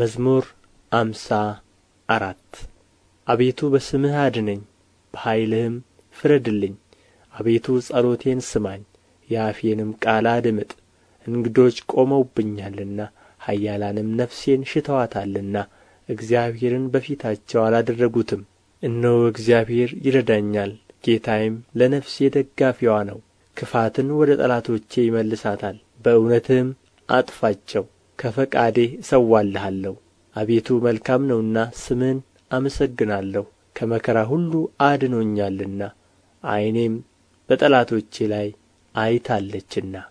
መዝሙር ሃምሳ አራት አቤቱ በስምህ አድነኝ በኃይልህም ፍረድልኝ አቤቱ ጸሎቴን ስማኝ የአፌንም ቃል አድምጥ እንግዶች ቆመውብኛልና ኃያላንም ነፍሴን ሽተዋታልና እግዚአብሔርን በፊታቸው አላደረጉትም እነሆ እግዚአብሔር ይረዳኛል ጌታዬም ለነፍሴ ደጋፊዋ ነው ክፋትን ወደ ጠላቶቼ ይመልሳታል በእውነትህም አጥፋቸው ከፈቃዴ እሠዋልሃለሁ አቤቱ መልካም ነውና ስምህን አመሰግናለሁ ከመከራ ሁሉ አድኖኛልና ዓይኔም በጠላቶቼ ላይ አይታለችና